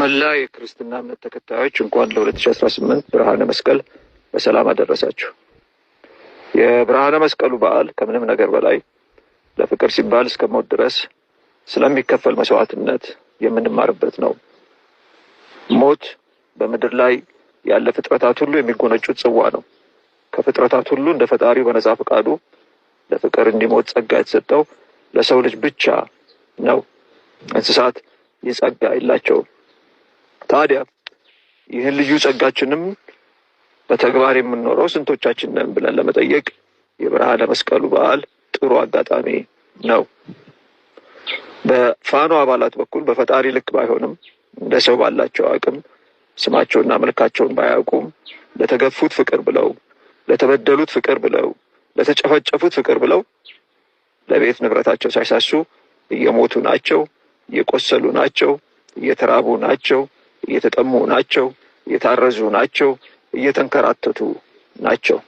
መላ የክርስትና እምነት ተከታዮች እንኳን ለ2018 ብርሃነ መስቀል በሰላም አደረሳችሁ። የብርሃነ መስቀሉ በዓል ከምንም ነገር በላይ ለፍቅር ሲባል እስከ ሞት ድረስ ስለሚከፈል መስዋዕትነት የምንማርበት ነው። ሞት በምድር ላይ ያለ ፍጥረታት ሁሉ የሚጎነጩት ጽዋ ነው። ከፍጥረታት ሁሉ እንደ ፈጣሪው በነጻ ፈቃዱ ለፍቅር እንዲሞት ጸጋ የተሰጠው ለሰው ልጅ ብቻ ነው። እንስሳት ይህ ጸጋ የላቸውም። ታዲያ ይህን ልዩ ጸጋችንም በተግባር የምንኖረው ስንቶቻችን ነን ብለን ለመጠየቅ የብርሃነ መስቀሉ በዓል ጥሩ አጋጣሚ ነው። በፋኖ አባላት በኩል በፈጣሪ ልክ ባይሆንም እንደ ሰው ባላቸው አቅም ስማቸውና መልካቸውን ባያውቁም ለተገፉት ፍቅር ብለው፣ ለተበደሉት ፍቅር ብለው፣ ለተጨፈጨፉት ፍቅር ብለው ለቤት ንብረታቸው ሳይሳሱ እየሞቱ ናቸው፣ እየቆሰሉ ናቸው፣ እየተራቡ ናቸው፣ እየተጠሙ ናቸው፣ እየታረዙ ናቸው፣ እየተንከራተቱ ናቸው።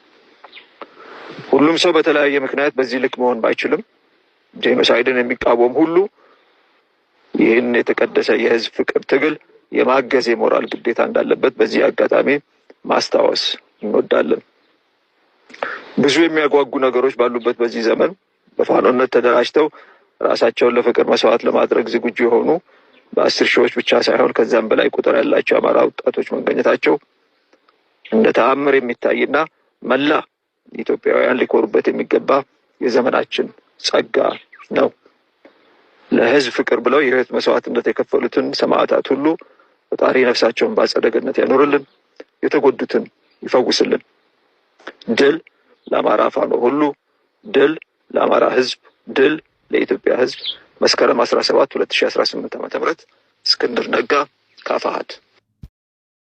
ሁሉም ሰው በተለያየ ምክንያት በዚህ ልክ መሆን ባይችልም ጄኖሳይድን የሚቃወም ሁሉ ይህን የተቀደሰ የህዝብ ፍቅር ትግል የማገዝ የሞራል ግዴታ እንዳለበት በዚህ አጋጣሚ ማስታወስ እንወዳለን። ብዙ የሚያጓጉ ነገሮች ባሉበት በዚህ ዘመን በፋኖነት ተደራጅተው ራሳቸውን ለፍቅር መስዋዕት ለማድረግ ዝግጁ የሆኑ በአስር ሺዎች ብቻ ሳይሆን ከዛም በላይ ቁጥር ያላቸው አማራ ወጣቶች መገኘታቸው እንደ ተአምር የሚታይና መላ ኢትዮጵያውያን ሊኮሩበት የሚገባ የዘመናችን ጸጋ ነው። ለህዝብ ፍቅር ብለው የህይወት መስዋዕትነት የከፈሉትን ሰማዕታት ሁሉ ፈጣሪ ነፍሳቸውን በአጸደ ገነት ያኖርልን፣ የተጎዱትን ይፈውስልን። ድል ለአማራ ፋኖ ሁሉ፣ ድል ለአማራ ህዝብ ድል ለኢትዮጵያ ህዝብ መስከረም 17 2018 ዓ.ም እስክንድር ነጋ ከአፋሕድ